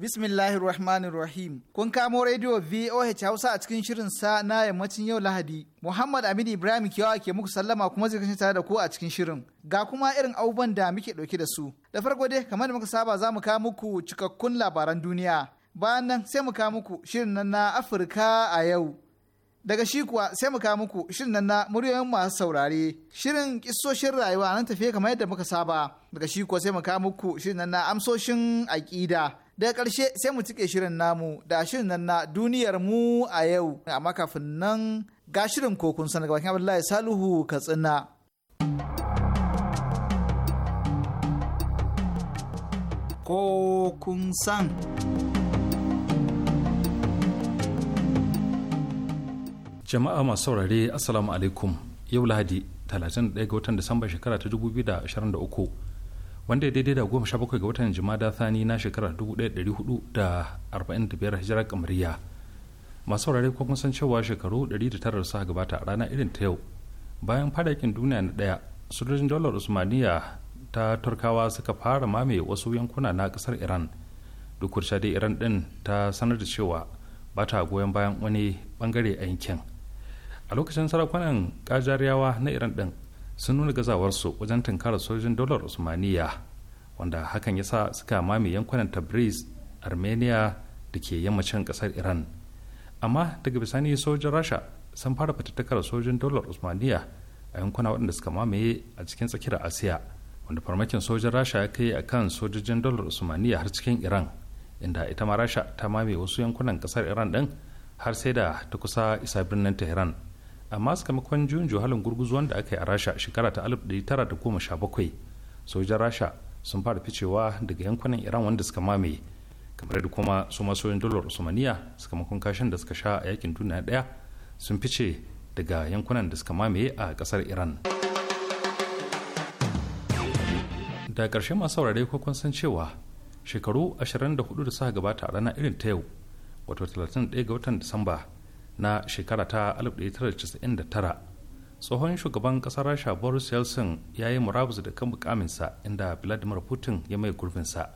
Bismillahirrahmanirrahim. Kun kamo rediyo VOH Hausa a cikin shirin sa na yammacin yau Lahadi. Muhammad Aminu Ibrahim Kiyawa ke muku sallama kuma zai kasance tare da ku a cikin shirin. Ga kuma irin abubuwan da muke ɗauke da su. Da farko dai kamar da muka saba za mu kawo muku cikakkun labaran duniya. Bayan nan sai mu kawo muku shirin nan na Afirka a yau. Daga shi kuwa sai mu kawo muku shirin nan na muryoyin masu saurare. Shirin kissoshin rayuwa nan tafiye kamar yadda muka saba. Daga shi kuwa sai mu kawo muku shirin nan na amsoshin aƙida. daga ƙarshe sai mu cike shirin namu da shirin nan na duniyar mu a yau amma kafin nan ga shirin kokun sanar gabakin abdullahi saluhu katsina kokun san jama'a masu saurare assalamu alaikum yau lahadi 31 ga watan disamba shekara ta 2023 wanda ya daidai da goma sha bakwai ga watan jimada thani na shekarar biyar hijirar kamariya masu saurare kuma san cewa shekaru da suka gabata a rana irin ta yau bayan fara yakin duniya na ɗaya sojojin dalar usmaniya ta turkawa suka fara mamaye wasu yankuna na kasar iran duk da dai iran ɗin ta sanar da cewa ba ta goyon bayan wani ɓangare a yankin a lokacin sarakunan kajariyawa na iran ɗin. sun nuna gazawarsu wajen tunkara sojin dolar usmaniya wanda hakan ya sa suka mame yankunan tabriz armenia da ke yammacin kasar iran amma daga bisani sojin rasha sun fara fatattakar sojin dolar usmaniya a yankuna waɗanda suka mamaye a cikin tsakiyar asiya wanda farmakin sojin rasha ya kai a kan sojojin dolar usmaniya har cikin iran inda ita ma rasha ta mame wasu yankunan kasar iran ɗin har sai da ta kusa isa birnin tehran amma sakamakon juyin juhalin gurguzuwan da aka yi a rasha shekara ta 1917 sojan rasha sun fara ficewa daga yankunan iran wanda suka mamaye kamar da kuma su masoyin dolar usmaniya sakamakon kashin da suka sha a yakin duniya daya sun fice daga yankunan da suka mamaye a kasar iran da karshe masu saurare ko kun san cewa shekaru 24 da suka gabata a ranar irin ta yau wato 31 ga watan disamba na shekara ta 1999 tsohon shugaban kasar rasha boris yeltsin ya yi murabus da kan mukaminsa inda vladimir putin ya mai gurbinsa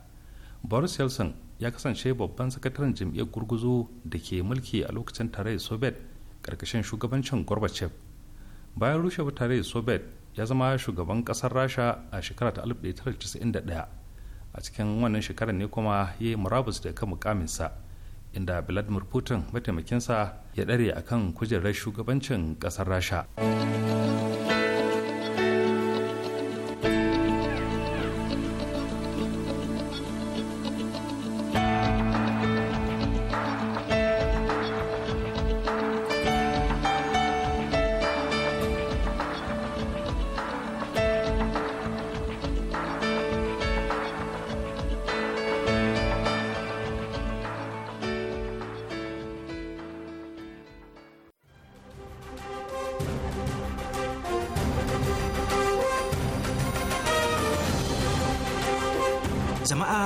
boris yeltsin ya kasance babban sakataren jam'iyyar gurguzu da ke mulki a lokacin tarayyar soviet karkashin shugabancin gorbachev bayan rushewar tarayyar soviet ya zama shugaban kasar rasha a shekara ta 1991 a cikin wannan shekarar ne kuma ya yi murabus da kan mukaminsa inda vladimir putin mataimakinsa ya ɗare akan kujerar shugabancin ƙasar rasha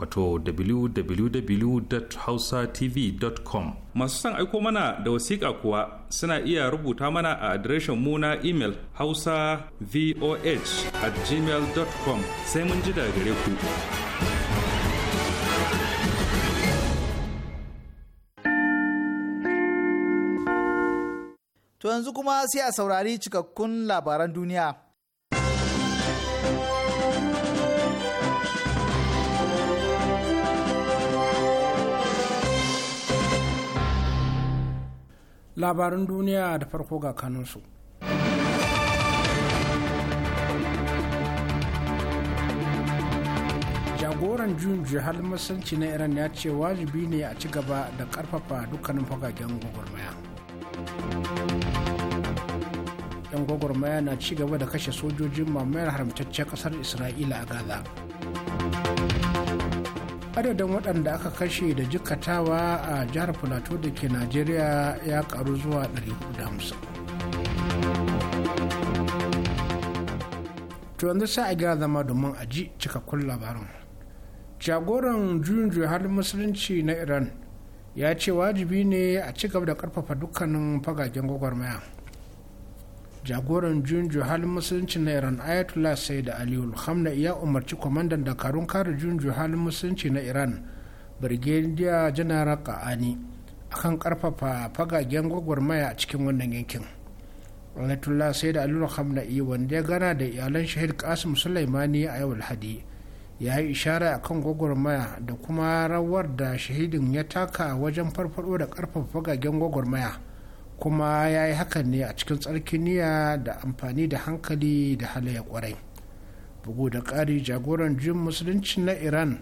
wato www.hausatv.com masu son aiko mana da wasiƙa kuwa suna iya rubuta mana a adireshin mu na imel hausa voh at gmail.com sai mun ji daga gare ku to yanzu kuma sai a saurari cikakkun labaran duniya labaran duniya da farko ga kanunsu jagoran jun jihar masanci na iran ya ce wajibi ne a ci gaba da karfafa dukkanin fagagen gwagwarmaya yan gwagwarmaya na ci gaba da kashe sojojin mamayar haramtaccen kasar isra'ila a gaza adadin waɗanda aka kashe da jikatawa a jihar plateau da ke najeriya ya karu zuwa 450 to yanzu sai a gina zama domin a ji cikakkun labarin jagoran juyin halin musulunci na iran ya ce wajibi ne a ci gaba da karfafa dukkanin fagagen gwagwarmaya jagoran junju halin musulunci na iran ayatollah sai da hamna ya umarci kwamandan dakarun kare junju halin musulunci na iran brigadier general ka'ani akan karfafa fagagen gwagwarmaya a cikin wannan yankin ayatollah sai da aliyu hamna wanda ya gana da iyalan shahid kasim sulaimani a yau alhadi ya yi ishara a akan gwagwarmaya da kuma rawar da shahidin ya taka wajen farfado da karfafa fagagen gwagwarmaya kuma ya yi hakan ne a cikin tsarkin niyya da amfani da hankali da halayya kwarai bugu da ƙari jagoran jin musulunci na iran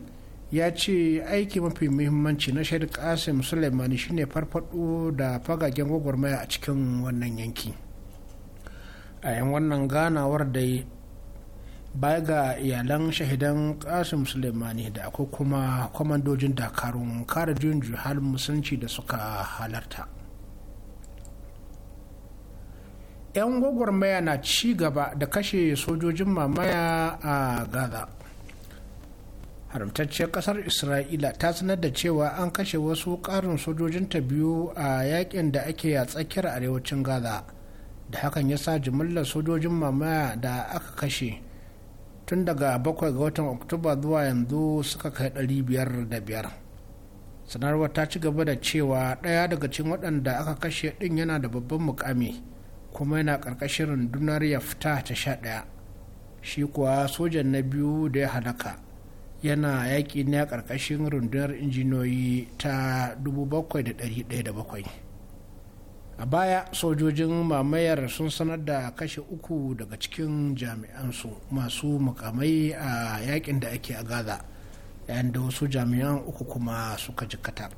ya ce aiki mafi muhimmanci na shaidu kasim suleimani shine farfado da fagagen gwagwarmaya a cikin wannan yanki a yan wannan ganawar da baya ga iyalan shahidan kasim suleimani da akwai kuma kwamandojin dakarun kare juyin halin musulunci da suka halarta 'yan gwagwarmaya na ci gaba da kashe sojojin mamaya a gaza haramtacciyar kasar isra'ila ta sanar da cewa an kashe wasu karin sojojinta biyu a yakin da ake a tsakiyar arewacin gaza da hakan ya sa jimillar sojojin mamaya da aka kashe tun daga bakwai ga watan oktoba zuwa yanzu suka kai biyar da biyar. sanarwar ta ci gaba da cewa ɗaya daga cikin waɗanda aka kashe ɗin yana da babban mukami. kuma yana ƙarƙashin rundunar yafta ta sha ɗaya shi kuwa sojan na biyu da ya halaka yana yaƙi ne a ƙarƙashin rundunar injiniyoyi ta 7,107 a baya sojojin mamayar sun sanar da kashe uku daga cikin jami'ansu masu mukamai a yaƙin da ake a gaza yayin da wasu jami'an uku kuma suka jikata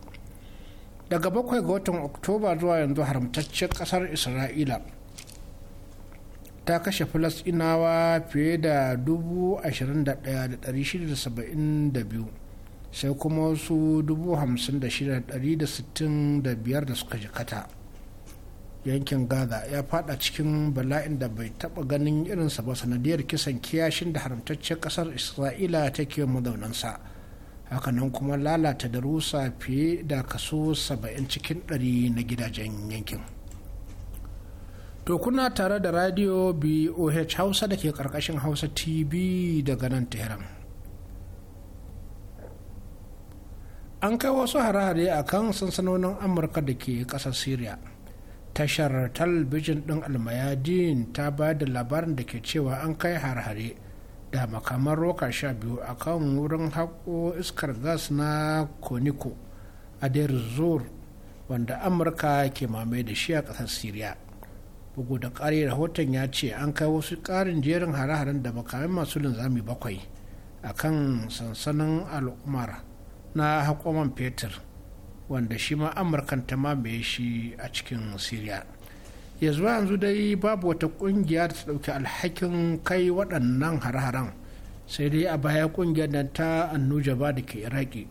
daga bakwai ga watan oktoba zuwa yanzu haramtaccen ƙasar isra'ila ta kashe inawa fiye da 21,672 sai kuma wasu 56,665 da suka jikata yankin gaza ya fada cikin bala'in da bai taba ganin irinsa ba sanadiyar kisan kiyashin da haramtaccen kasar isra'ila take mazaunansa hakanan kuma lalata da rusa fiye da kaso 70 cikin 100 na gidajen yankin. To kuna tare da radio BOH Hausa da ke karkashin Hausa TV daga nan Tehran. An kai wasu harare a kan sansanonin Amurka da ke ƙasar Syria, Tashar talbijin ɗin almayadin ta ba da labarin da ke cewa an kai harare da makaman roka sha biyu a kan wurin haƙo iskar gas na koniko a zur wanda amurka ke mamaye da shi a ƙasar Syria. bugu da ƙari rahoton ya ce an kai wasu ƙarin jerin hare-haren da makamai masu linzami bakwai a kan sansanin al'ummar na hakoman fetur wanda shi ma amurkan ta mamaye shi a cikin syria ya zuwa yanzu dai babu wata kungiya da ta ɗauki alhakin kai waɗannan hare-haren sai dai a baya kungiyar da ta annujaba da ke iraki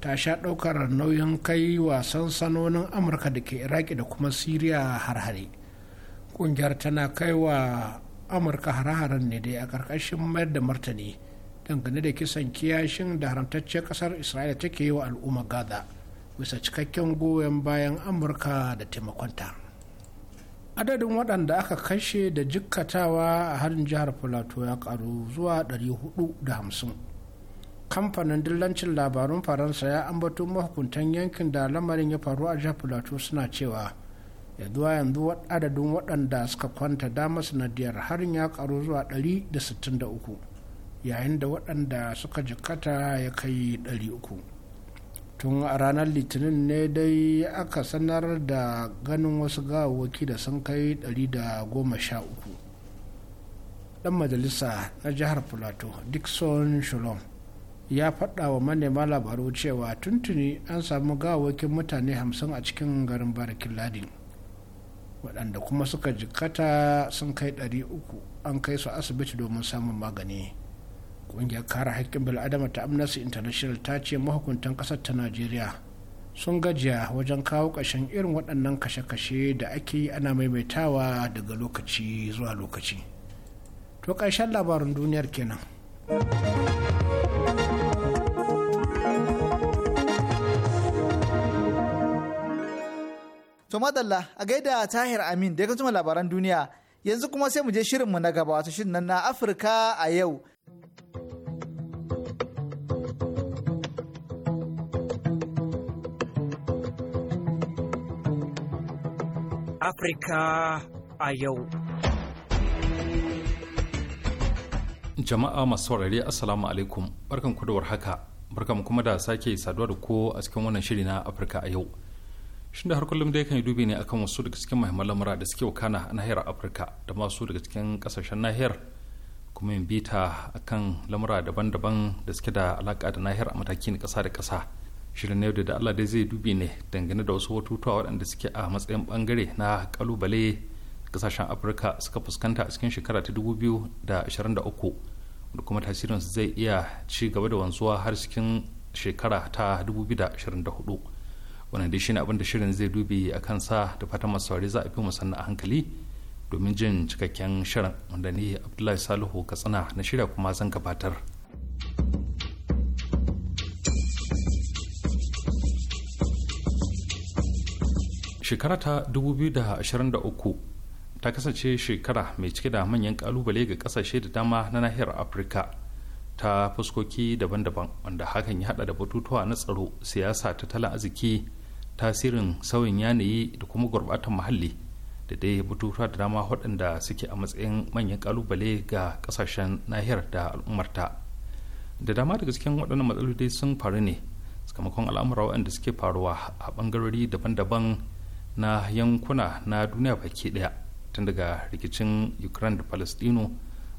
ta sha ɗaukar nauyin kai wa sansanonin amurka da ke iraki da kuma syria har-hare kungiyar tana kai wa amurka hare-haren ne dai a karkashin mayar da martani dangane da kisan kiyashin da haramtacciyar kasar isra'ila take yi wa al'umma gaza bisa cikakken goyon bayan amurka da taimakonta adadin waɗanda aka kashe da jikkatawa a harin jihar plateau ya karu zuwa 450 kamfanin dillancin labarun faransa ya ambato mahukuntan yankin da lamarin ya faru a jihar plateau suna cewa zuwa yanzu adadin waɗanda suka kwanta dama sanadiyar harin ya karu zuwa 163 yayin da waɗanda suka jikata ya kai 300 tun a ranar litinin ne dai aka sanar da ganin wasu gawawwaki da sun kai 113 ɗan majalisa na jihar plateau dixon shalom ya faɗa wa manema labaru cewa tuntuni an samu gawakin mutane 50 a cikin garin barikin ladin waɗanda kuma suka jikata sun kai 300 an kai su asibiti domin samun magani ƙungiyar kare haƙƙin bil'adama ta amnesty international ta ce mahukuntan ƙasar ta najeriya sun gajiya wajen kawo ƙashin irin waɗannan kashe-kashe da ake ana maimaitawa daga lokaci zuwa lokaci to ƙarshen labarin duniyar kenan. To madalla a gaida Tahir Amin da ya kuma labaran duniya yanzu kuma sai mu je shirinmu na gaba wato shirin nan na Afirka a yau. Afirka a yau. Jama'a masu saurari, Assalamu alaikum barkan ku haka, barkan kuma da sake saduwa da ko a cikin wannan shiri na Afirka a yau. shin da har kullum dai kan yi dubi ne akan wasu daga cikin mahimman lamura da suke wakana a nahiyar afirka da masu daga cikin kasashen nahiyar kuma yin bita akan lamura daban-daban da suke da alaka da nahiyar a matakin kasa da kasa shirin na da allah dai zai dubi ne dangane da wasu watutuwa waɗanda suke a matsayin bangare na kalubale kasashen afirka suka fuskanta a cikin shekara ta 2023 da kuma su zai iya ci gaba da wanzuwa har cikin shekara ta 2024 wannan dai shine abin da shirin zai dubi a sa da fatan masu saurari za a fi musanna a hankali domin jin cikakken shirin wanda ni abdullahi salihu katsina na shirya kuma zan gabatar shekara ta 2023 ta kasance shekara mai cike da manyan kalubale ga kasashe da dama na nahiyar afirka ta fuskoki daban-daban wanda hakan ya hada da batutuwa na tsaro siyasa tattalin arziki tasirin sauyin yanayi da kuma gurbatar muhalli da dai batutuwa da dama waɗanda suke a matsayin manyan ƙalubale ga ƙasashen nahiyar da al'ummarta da dama daga cikin waɗannan matsaloli sun faru ne sakamakon al'amura waɗanda suke faruwa a ɓangarori daban-daban na yankuna na duniya baki ɗaya tun daga rikicin ukraine da palestino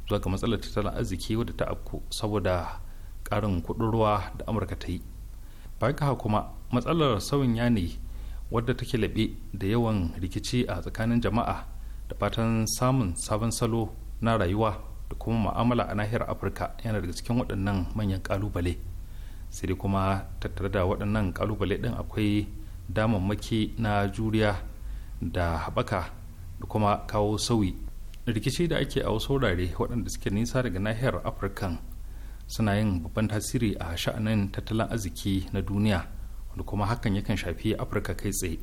zuwa ga matsalar tattalin arziki wadda ta afku saboda ƙarin kuɗin ruwa da amurka ta yi ba kuma matsalar sauyin yanayi wadda take laɓe da yawan rikici a tsakanin jama'a da fatan samun sabon salo na rayuwa da kuma ma'amala a nahiyar afirka yana daga cikin waɗannan manyan ƙalubale sai dai kuma tattare da waɗannan ƙalubale ɗin akwai damammaki na juriya da haɓaka da kuma kawo sauyi rikici da ake a wasu wurare waɗanda suke nisa daga nahiyar afirka suna yin babban tasiri a sha'anin tattalin arziki na duniya wanda kuma hakan yakan shafi afirka kai tsaye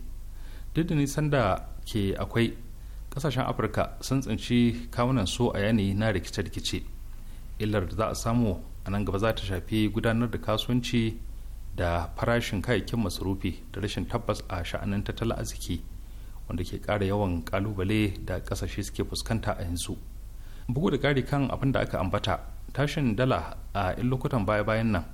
duk da nisan da ke akwai kasashen afirka sun tsinci kawunan su a yanayi na rikice-rikice illar da za a samu a nan gaba za ta shafi gudanar da kasuwanci da farashin kayayyakin masarufi da rashin tabbas a sha'anin tattalin arziki wanda ke ƙara yawan kalubale da ƙasashe suke fuskanta a yanzu bugu da ƙari kan abin da aka ambata tashin dala a in lokutan baya-bayan nan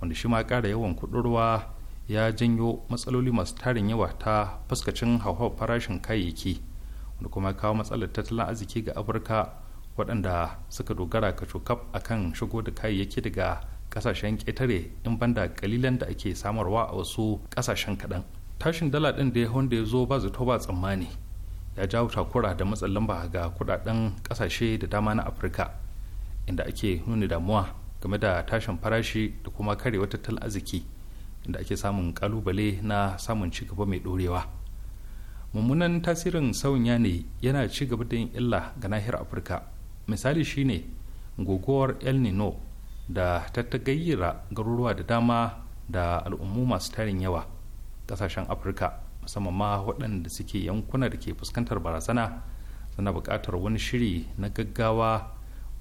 wanda shi ma ƙara yawan kudurwa ya janyo matsaloli masu tarin yawa ta fuskacin hauhawar farashin kayayyaki wanda kuma ya kawo matsalar tattalin arziki ga afirka waɗanda suka dogara ka cokaf a kan shigo da kayayyaki daga ƙasashen ƙetare in banda kalilan da ake samarwa a wasu ƙasashen kaɗan tashin dala ɗin da ya wanda ya zo ba zato ba tsammani ya jawo takura da matsin lamba ga kuɗaɗen ƙasashe da dama na afirka inda ake nuna damuwa game da tashin farashi da kuma karewa tattalin arziki inda ake samun kalubale na samun ci gaba mai dorewa mummunan tasirin sauyin yanayi yana ci gaba da yin illa ga nahiyar afirka misali shine guguwar el nino da tattagayyara garuruwa da dama da al'ummu masu tarin yawa kasashen afirka musamman ma waɗanda suke yankuna da ke fuskantar barazana suna buƙatar wani shiri na gaggawa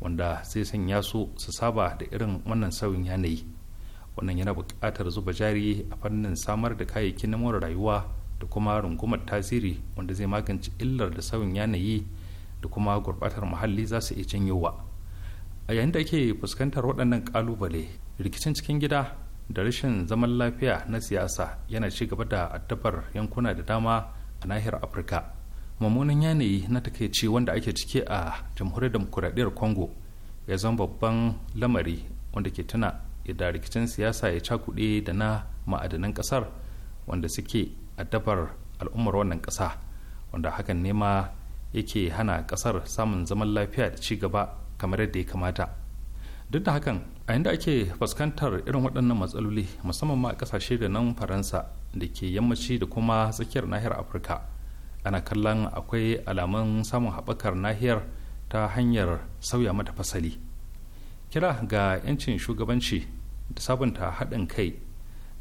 wanda zai sanya su su saba da irin wannan sauyin yanayi wannan yana buƙatar zuba jari a fannin samar da kayayyakin na more rayuwa da kuma rungumar tasiri wanda zai magance illar da sauyin yanayi da kuma gurbatar muhalli za su iya janyowa a yayin da ake fuskantar waɗannan ƙalubale rikicin cikin gida da rashin zaman lafiya na siyasa yana ci gaba da addabar yankuna da dama a nahiyar afirka mummunan yanayi na takaici wanda ake ciki a jamhuriyar demokuraɗiyar congo ya zama babban lamari wanda ke tuna da rikicin siyasa ya cakuɗe da na ma'adanan ƙasar wanda suke addabar al'ummar wannan ƙasa wanda hakan ne nema yake hana ƙasar samun zaman lafiya da ci gaba kamar yadda ya kamata duk da hakan a inda ake fuskantar irin waɗannan matsaloli musamman ma a ƙasashe da nan faransa da ke yammaci da kuma tsakiyar nahiyar afirka ana kallon akwai alamun samun haɓakar nahiyar ta hanyar sauya mata fasali kira ga 'yancin shugabanci da sabunta haɗin kai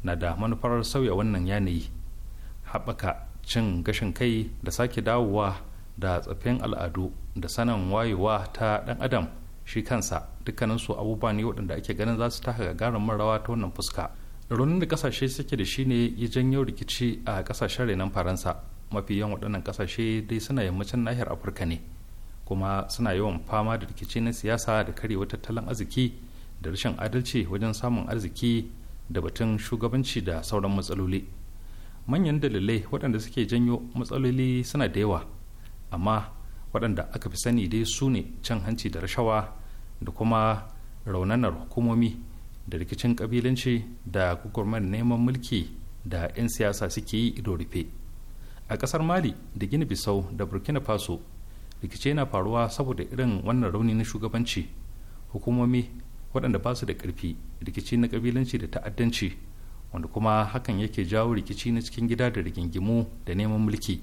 na da manufar sauya wannan yanayi haɓaka cin gashin kai da sake dawowa da tsafin al'adu da sanin wayewa ta ɗan adam shi kansa dukkaninsu abubuwa ne waɗanda ake ganin za su taka gagarumin rawa ta wannan fuska raunin da kasashe suke da shi ne ya janyo rikici a kasashen renon faransa mafi yawan waɗannan kasashe dai suna yammacin nahiyar afirka ne kuma suna yawan fama da rikici na siyasa da karewa tattalin arziki da rashin adalci wajen samun arziki da batun shugabanci da sauran matsaloli manyan dalilai waɗanda suke janyo matsaloli suna da yawa amma waɗanda aka fi sani dai su ne cin hanci da rashawa da kuma raunanar hukumomi da rikicin ƙabilanci da gugurman neman mulki da 'yan siyasa suke yi ido rufe a ƙasar mali da gini bisau da burkina faso rikice na faruwa saboda irin wannan rauni na shugabanci hukumomi waɗanda ba su da ƙarfi rikici na ƙabilanci da ta'addanci wanda kuma hakan yake jawo rikici na cikin gida da rigingimu da neman mulki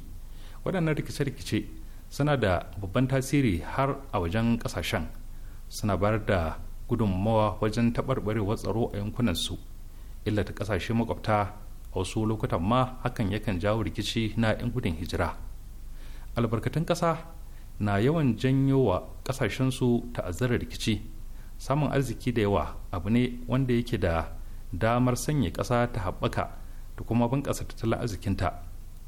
waɗannan rikice-rikice suna da babban tasiri har a wajen ƙasashen suna bayar da gudunmawa wajen taɓarɓarewar tsaro a yankunansu illata ƙasashe makwabta a wasu lokutan ma hakan yakan jawo rikici na 'yan gudun hijira albarkatun ƙasa na yawan janyo wa ƙasashensu ta'azzara rikici samun arziki da yawa abu ne wanda yake da damar sanya ƙasa ta haɓaka da kuma bunƙasa tattalin arzikinta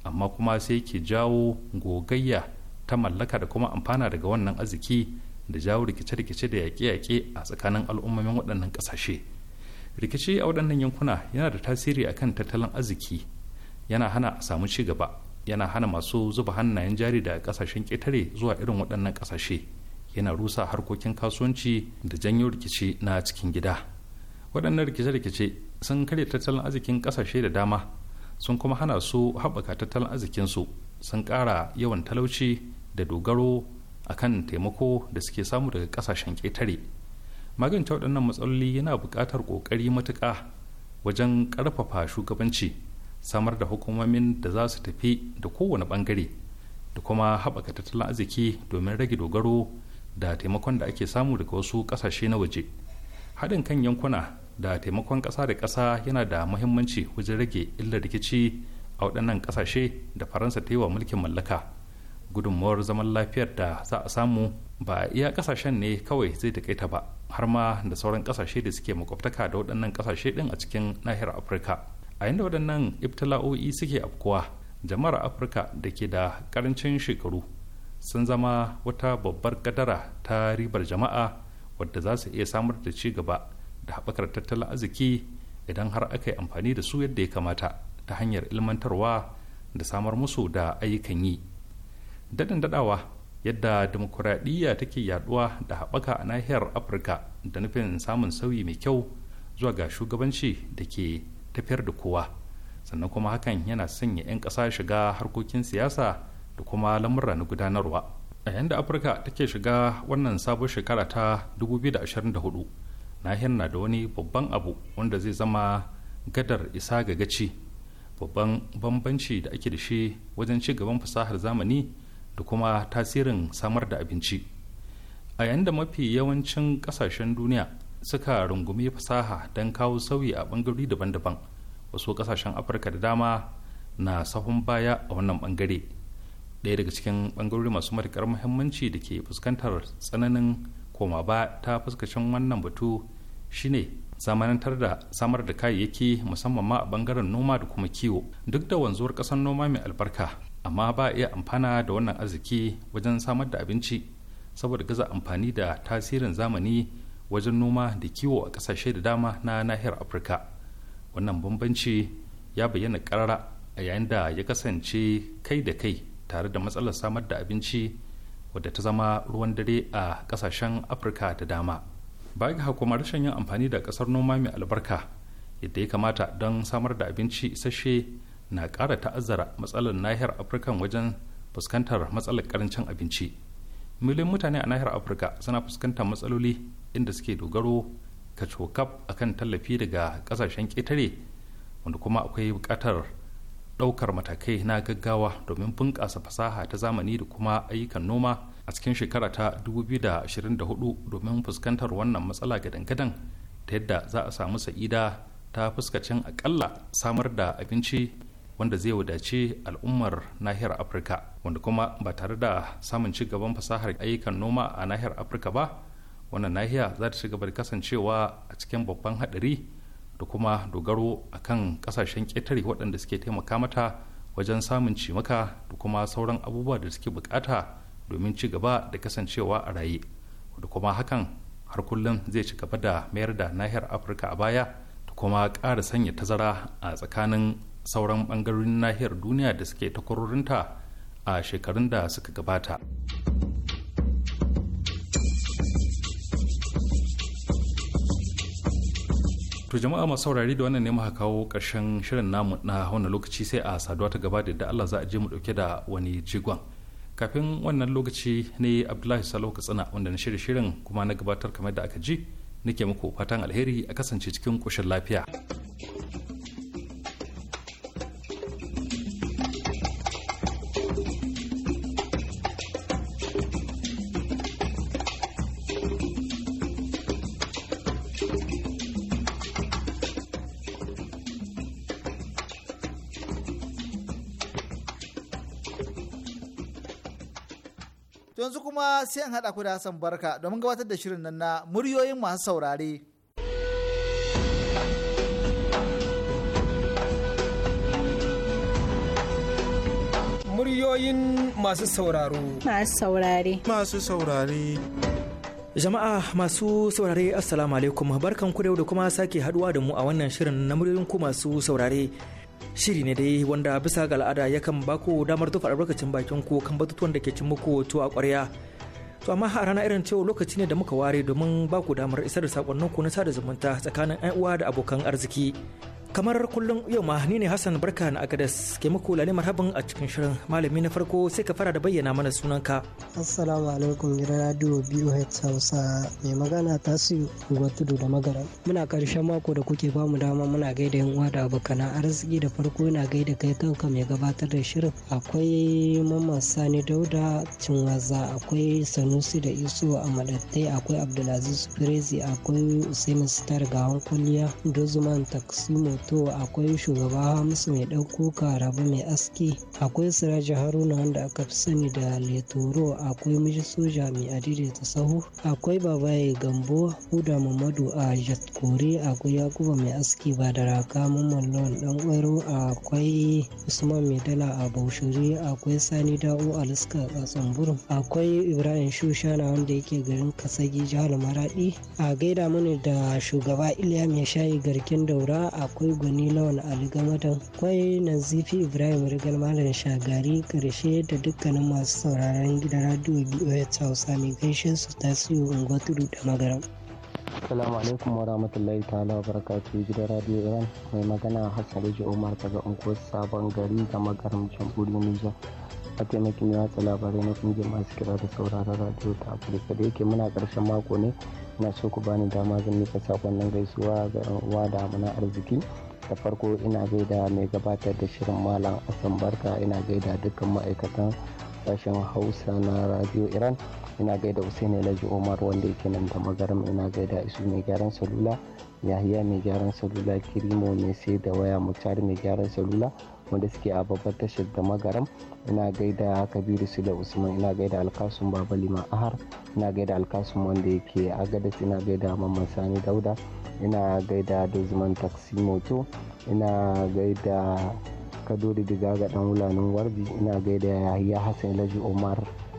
amma kuma sai yake jawo gogayya ta mallaka da kuma amfana daga wannan arziki da jawo rikice-rikice da yaƙe-yaƙe a tsakanin al'ummomin waɗannan ƙasashe rikici a waɗannan yankuna yana da tasiri a kan tattalin arziki yana hana a samu ci gaba yana hana masu zuba hannayen jari da ƙasashen ƙetare zuwa irin waɗannan ƙasashe yana rusa harkokin kasuwanci da janyo rikici na cikin gida waɗannan rikice-rikice sun karya tattalin arzikin ƙasashe da dama sun kuma hana su haɓaka tattalin arzikinsu sun ƙara yawan talauci da dogaro a kan taimako da suke samu daga ƙasashen ƙetare magance waɗannan matsaloli yana buƙatar ƙoƙari matuƙa wajen ƙarfafa shugabanci samar da hukumomin da za su tafi da kowane ɓangare da kuma haɓaka tattalin arziki domin rage dogaro da taimakon da ake samu daga wasu kasashe na waje haɗin kan yankuna da taimakon ƙasa da ƙasa yana da muhimmanci wajen rage illar rikici a waɗannan ƙasashe da faransa ta yi wa mulkin mallaka gudunmawar zaman lafiyar da za a samu ba a iya ƙasashen ne kawai zai takaita ba har ma da sauran ƙasashe da suke makwabtaka da waɗannan ƙasashe ɗin a cikin nahiyar afirka a yadda waɗannan ibtila'o'i suke afkuwa jama'ar afirka da ke da ƙarancin shekaru sun zama wata babbar kadara ta ribar jama'a wadda za su iya samar da ci gaba da haɓakar tattalin arziki idan har aka yi amfani da su yadda ya kamata ta hanyar ilmantarwa da samar musu da ayyukan yi daɗin daɗawa yadda demokuraɗiyya take yaɗuwa da haɓaka a nahiyar afirka da nufin samun sauyi mai kyau zuwa ga shugabanci da ke tafiyar da kowa sannan kuma hakan yana sanya 'yan ƙasa shiga harkokin siyasa da kuma lamurra na gudanarwa a yadda afirka take shiga wannan sabon shekara ta 2024 nahiyar na da wani babban abu wanda zai zama gadar isa ga gaci babban bambanci da ake da shi wajen ci gaban fasahar zamani da kuma tasirin samar da abinci a yayin mafi yawancin kasashen duniya suka rungumi fasaha don kawo sauyi a bangarori daban-daban wasu kasashen afirka da dama na sahun baya a wannan bangare daya daga cikin ɓangarori masu matuƙar muhimmanci da ke fuskantar tsananin koma ba ta fuskacin wannan batu shine zamanantar da samar da kayayyaki musamman ma a bangaren noma da kuma kiwo duk da wanzuwar ƙasar noma mai albarka amma ba a iya amfana da wannan arziki wajen samar da abinci saboda gaza amfani da tasirin zamani wajen noma da kiwo a ƙasashe da dama na nahiyar afirka wannan bambanci ya bayyana ƙarara a yayin da ya kasance kai da kai tare da matsalar samar da abinci wadda ta zama ruwan dare a kasashen afirka da dama bayan ga kuma rashin yin amfani da kasar noma mai albarka yadda ya kamata don samar da abinci isasshe na ƙara ta'azzara matsalar nahiyar afirka wajen fuskantar matsalar karancin abinci miliyan mutane a nahiyar afirka suna fuskantar matsaloli inda suke dogaro kacokaf akan tallafi daga ƙasashen ƙetare wanda kuma akwai buƙatar ɗaukar matakai na gaggawa domin bunƙasa fasaha ta zamani da kuma ayyukan noma a cikin shekara ta 2024 domin fuskantar wannan matsala gadan-gadan ta yadda za a samu sa'ida ta fuskacin akalla samar da abinci wanda zai wadace al'ummar nahiyar afirka wanda kuma ba tare da samun ci gaban fasahar ayyukan noma a nahiyar afirka ba wannan nahiya za ta ci gaba da kasancewa a cikin babban haɗari da kuma dogaro a kan kasashen ƙetare waɗanda suke taimaka mata wajen samun cimaka da kuma sauran abubuwa da suke bukata domin ci gaba da kasancewa a raye da kuma hakan har kullum zai ci gaba da mayar da nahiyar afirka a baya da kuma ƙara sanya tazara a tsakanin sauran ɓangarorin nahiyar duniya da suke takwarorinta a shekarun da suka gabata. to jama'a masu saurari da wannan ne muka kawo ƙarshen shirin namu na wannan lokaci sai a saduwa ta gaba da Allah za a je mu dauke da wani jigon kafin wannan lokaci ne Abdullahi Salo Katsina wanda na shirya shirin kuma na gabatar kamar da aka ji nake muku fatan alheri a kasance cikin koshin lafiya. yanzu kuma sai an haɗa ku da Hassan Barka domin gabatar da shirin nan na muryoyin masu saurare. Muryoyin masu sauraro. Masu saurare. Masu saurare. Jama'a masu saurare Assalamu alaikum barkan ku da kuma sake haduwa da mu a wannan shirin na muryoyin ku masu saurare. shiri ne dai wanda bisa ga al'ada yakan bako damar tufa albarkacin bakin ku kan batutuwan da ke cin muku tuwa ƙwarya to amma har rana irin cewa lokaci ne da muka ware domin baku damar isar da sakonninku na sada zumunta tsakanin 'yan uwa da abokan arziki kamar kullum yau ma ni ne hassan barka na agadas ke muku lalle marhaban a cikin shirin malami na farko sai ka fara da bayyana mana sunanka assalamu alaikum gidan radio biyu hausa mai magana tasiu unguwar tudu da magara muna karshen mako da kuke bamu dama muna gaida yan uwa da abokana arziki da farko yana gaida kai kanka mai gabatar da shirin akwai mamman sani dauda cinwaza akwai sanusi da iso a madattai akwai abdulaziz firezi akwai usaini sitar gawan kwalliya dozuman taksimo to akwai shugaba hamisu mai ɗauko kuka rabu mai aski akwai siraji haruna wanda aka fi sani da letoro akwai miji soja mai adaidaita sahu akwai babaye gambo huda mamadu a jatkore akwai yakuba mai aski ba da raka mamallon dan ƙwaro akwai usman mai dala a baushiri akwai sani da'o aliska a tsamburu akwai ibrahim shushana wanda yake garin kasagi jihar Maraɗi? a gaida mani da shugaba iliya mai shayi garkin daura akwai akwai gwani lawan kwai na nazifi ibrahim rigar malam shagari karshe da dukkanin masu sauraron gidan radio boh hausa mai gaishe su tasiri ungwaturu da magaram Assalamu alaikum wa rahmatullahi ta'ala wa barakatu gidan Radio Iran mai magana Hassan Rage Umar daga unguwar Sabon Gari da magarin Jamhuriyar Nijar. mataimakin watsa labarai na kungiyar masu kira da sauraron radio ta afirka da yake muna karshen mako ne ina so ku bani dama zan sakon sakonnin gaisuwa ga uwa da muna arziki da farko ina gaida mai gabatar da shirin malam asan barka ina gaida dukkan ma'aikatan sashen hausa na radio iran ina gaida usaini alhaji omar wanda yake nan da magaram ina gaida isu mai gyaran salula yahiya mai gyaran salula kirimo mai sai da waya mutari mai gyaran salula wanda suke a babbar tashar da magaram ina gaida kabiru su da usman ina gaida alkasun baba liman ahar ina gaida alkasun wanda yake agadas ina gaida mamman sani dauda ina gaida dozman taksi moto ina gaida kadori diga ga dan wulanin warbi ina gaida yahya hassan laji omar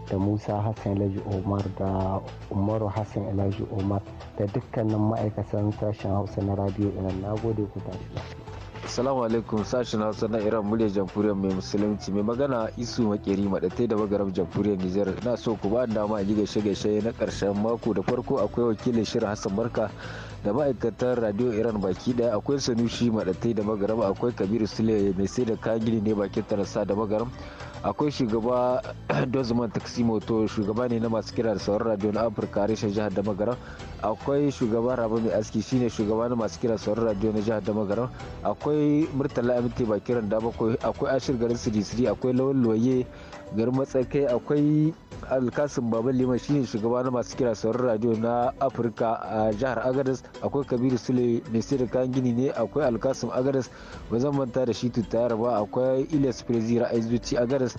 da musa hassan laji omar da umaru hassan laji omar da dukkanin ma'aikatan sashen hausa na radio ina na gode ku tashi Assalamu alaikum sashen Hausa na Iran murya jamhuriyar mai musulunci mai magana isu makeri madatai da magaram jamhuriyar Nijar na so ku ba dama a yi gaishe-gaishe na karshen mako da farko akwai wakilin shirin Hassan Barka da ma'aikatan radio Iran baki daya akwai Sanushi madatai da magaram akwai Kabiru Sule mai sai da kayan gini ne bakin tarasa da magaram akwai shugaba dozman taksimoto shugaba ne na masu kira da sauran radio na afirka reshen jihar da magaran akwai shugaba rabu mai aski shine shugaba na masu kira sauran radio na jihar da magaran akwai murtala ba kiran da bakwai akwai ashir garin sirisiri akwai lawan loye garin matsakai akwai alkasin baban liman shine shugaba na masu kira sauran radio na afirka a jihar agadas akwai kabiru sule mai sayar kayan gini ne akwai alkasim agadas ba zan manta da shi tuttayar ba akwai ilyas prezi ra'ayi zuci agadas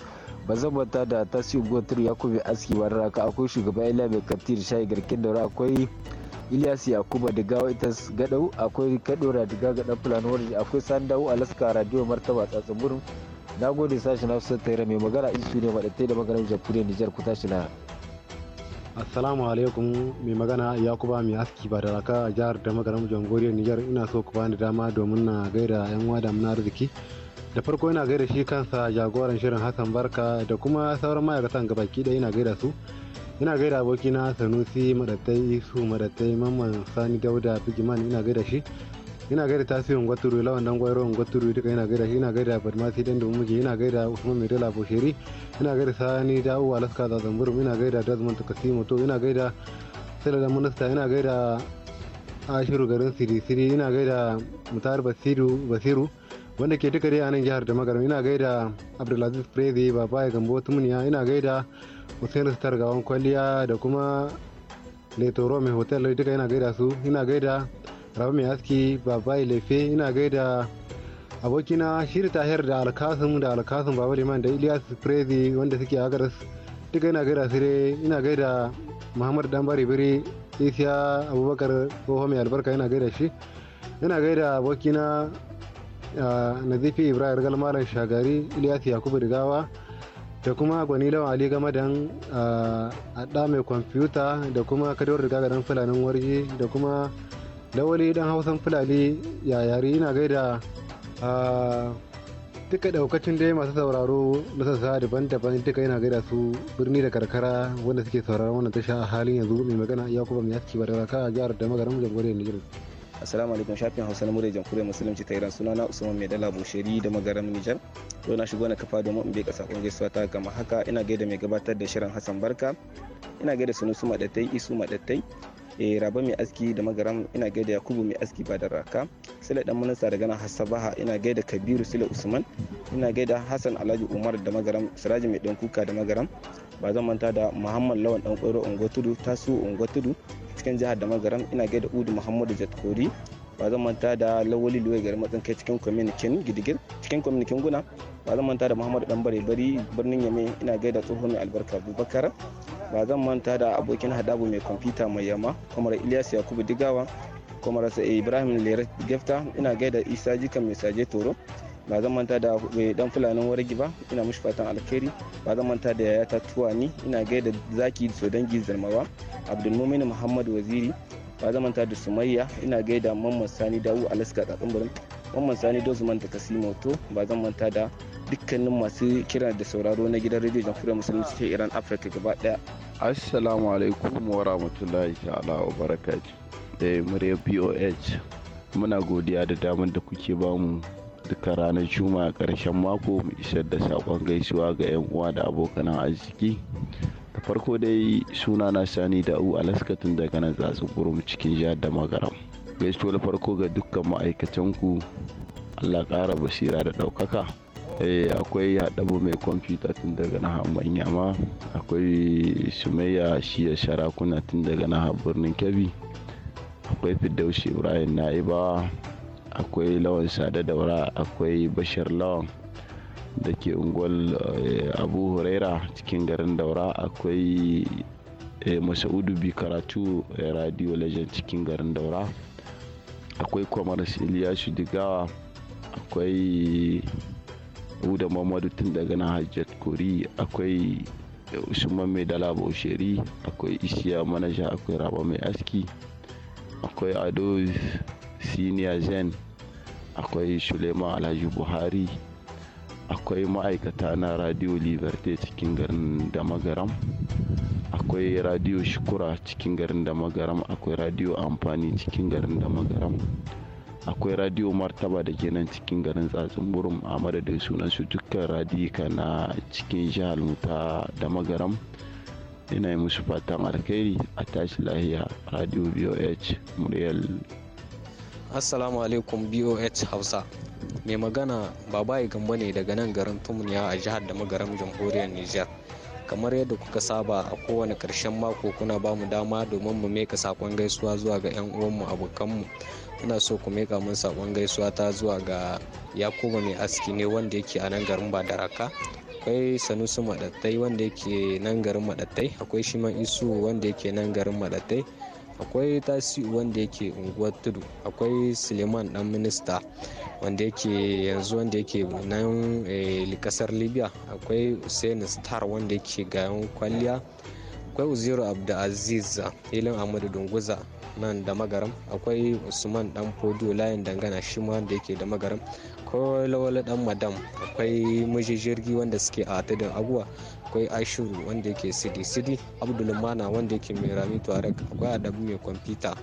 ba zan bata da Tasiu Gotir Yakubu Aski raka akwai shugaban Ila Mai katir Shayi Garkin da akwai Ilyas Yakuba Digawa Itas Gadau akwai Kadora Diga Gadan Fulani akwai Sandawu Alaska Radio Martaba Tsatsun na gode na hausa tare mai magana su ne maɗatai da maganar jamhuriyar nijar ku tashi na assalamu alaikum mai magana yakuba mai aski ba da raka a jihar da mu jamhuriyar nijar ina so ku bani dama domin na gaida yan wada muna arziki da farko yana gaida shi kansa jagoran shirin hassan barka da kuma sauran ma'aikatan gabaki ɗaya yana gaida su ina gaida abokina sanusi madattai isu madattai mamman sani dauda bigiman ina gaida shi ina gaida tasirin gwaturu lawan dan gwairo gwaturu duka ina gaida shi ina gaida badmasi dan da muke ina gaida usman mai dala bosheri ina gaida sani dawo alaska da zamburum ina gaida desmond kasimu to ina gaida sirada minista ina gaida ashiru garin siri siri ina gaida mutar basiru basiru wanda ke duka a nan jihar da magaram ina gaida abdulaziz prezi ba baya gambo tumuniya ina gaida hussein sitar gawan kwaliya da kuma letoro mai hotel duka ina gaida su ina gaida rabu mai aski baya lefe ina gaida abokina shiri tahir da alkasim da alkasim baba liman da ilyas prezi wanda suke agaras duka ina gaida Sire, ina gaida muhammad dan bari biri isiya abubakar tsoho mai albarka ina gaida shi ina gaida abokina nazifi ibrahim rigal malam shagari ilyas yakubu rigawa da kuma gwani lawan ali game da adda mai kwamfuta da kuma kadawar riga dan fulanin warji da kuma lawali dan hausan fulani ya yari ina gaida duka daukacin dai masu sauraro na sassa daban-daban duka yana gaida su birni da karkara wanda suke sauraron wannan tasha a halin yanzu mai magana yakuba mai yaski ba da raka a jihar da magarin jamhuriyar nigeria assalamu alaikum shafin hausa na murya jamhuriyar musulunci ta iran suna na usman mai dala bushari da magaran nijar yau na shigo na kafa domin in bai kasa kun gaisuwa ta gama haka ina gaida mai gabatar da shirin hassan barka ina gaida sunusu madattai isu madattai E, raba mai aski da magaram ina gaida yakubu mai aski ba da raka sila dan minista daga nan hasabaha ina gaida kabiru sila usman ina gaida hassan alhaji umar da magaram siraji mai dan kuka da magaram ba zan manta da muhammad lawan dan kwaro ungo tudu tasu ungo tudu cikin jihar da magaram ina gaida udu muhammadu jatkori ba zan manta da lawali luwai garin matsin kai cikin kwaminikin gidigir cikin kwaminikin guna ba zan manta da muhammadu dan bare bari birnin yame ina gaida tsohon mai albarka abubakar ba zan manta da abokin hadabu mai kwamfuta mai yama kamar ilyas yakubu digawa kamar sa eh, ibrahim lera gefta ina gaida isa jika mai saje toro ba zan manta da mai dan fulanin wargi ba ina mushi fatan alkhairi ba zan manta da yayata tuwani ina gaida zaki so dangi zarmawa abdulmumin Muhammadu waziri ba zamanta da sumayya ina gaida mamman sani dawu alaska tsatsin mamman sani ta da moto ba zan manta da dukkanin masu kira da sauraro na gidan rediyo jamhuriyar musulunci ta iran afirka gaba daya assalamu alaikum wa rahmatullahi ta'ala wa barakatu da murya boh muna godiya da damar da kuke bamu duka ranar juma'a karshen mako mu isar da sakon gaisuwa ga yan uwa da abokan arziki da farko dai suna na sani da u alaskatun daga nan su kurum cikin jihar da magaram gaisuwa da farko ga dukkan ma'aikatan ku allah kara basira da ɗaukaka eh, akwai haɗabu mai kwamfuta tun daga na hamman ma akwai sumayya shiya sharakuna tun daga na birnin kebbi akwai fiddausi ibrahim na'ibawa akwai lawan sada daura akwai bashar lawan da ke unguwar eh, abu huraira cikin garin daura akwai eh, masaudu bi karatu eh, radio legend cikin garin daura akwai commerce iliyasu digawa akwai uda mamadu tun daga na hajjat kori akwai usman mai dala bausheri akwai isiya manaja akwai raba mai aski akwai ado senior zen akwai shulema alhaji buhari akwai ma'aikata na radio liberté cikin garin da magaram akwai radio shukura cikin garin da magaram akwai radio amfani cikin garin da magaram akwai radio martaba da ke nan cikin garin tsatsunburum a madadin sunansu dukkan radika na cikin jihar ta da magaram ina yi musu fatan alkhairi a tashi lahiya radio boh muryal assalamu alaikum boh hausa mai magana babaye gamba ne daga nan garin a jihar da magaram jamhuriyar nijar kamar yadda kuka saba a kowane karshen mako kuna ba mu dama domin mu meka sakon gaisuwa zuwa ga 'yan uwanmu abokanmu ina so ku meka mun sakon gaisuwa ta zuwa ga yakubu mai aski ne wanda yake a nan garin badaraka akwai sanusi madattai wanda yake nan garin madattai akwai shiman isu wanda yake nan garin madattai akwai tasiu wanda yake unguwar tudu akwai suleiman dan minista wanda yake yanzu wanda yake nan eh, kasar libya akwai hussein star wanda yake gayan kwalliya akwai uziru abdulaziz ilin ahmadu dunguza nan da magaram akwai usman dan fodo layin dangana shi ma wanda yake da magaram akwai lawala dan madam akwai miji jirgi wanda suke a tudun aguwa akwai Ashiru wanda yake sidi sidi abdulmana wanda yake mai rami tuareg akwai adabu mai kwamfuta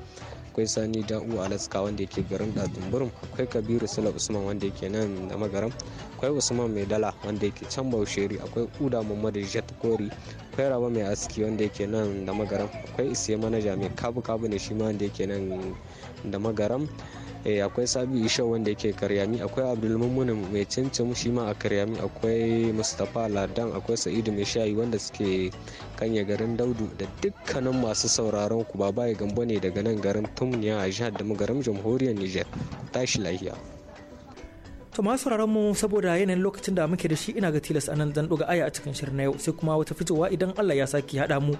akwai sani da'u alaska wanda yake garin ɗadumburum akwai kabiru sula usman wanda yake nan da magaram akwai usman mai dala wanda yake can bausheri akwai uda muhammadu jet kori akwai raba mai aski wanda yake nan da magaram akwai isiye manaja mai kabu kabu ne shi ma wanda yake nan da magaram Eh, akwai sabi isha wanda yake karyami akwai abdulmumunin mai cincin shi ma a karyami akwai mustapha ladan akwai sa'idu mai shayi wanda suke kanya garin daudu da dukkanin masu sauraron ku ya gambo ne daga nan garin tumniya a jihar da garin jamhuriyar niger tashi lahiya To masu mu saboda yanayin lokacin da muke da shi ina ga tilas anan zan ɗuga aya a cikin shirin na yau sai kuma wata fitowa idan Allah ya saki haɗa mu.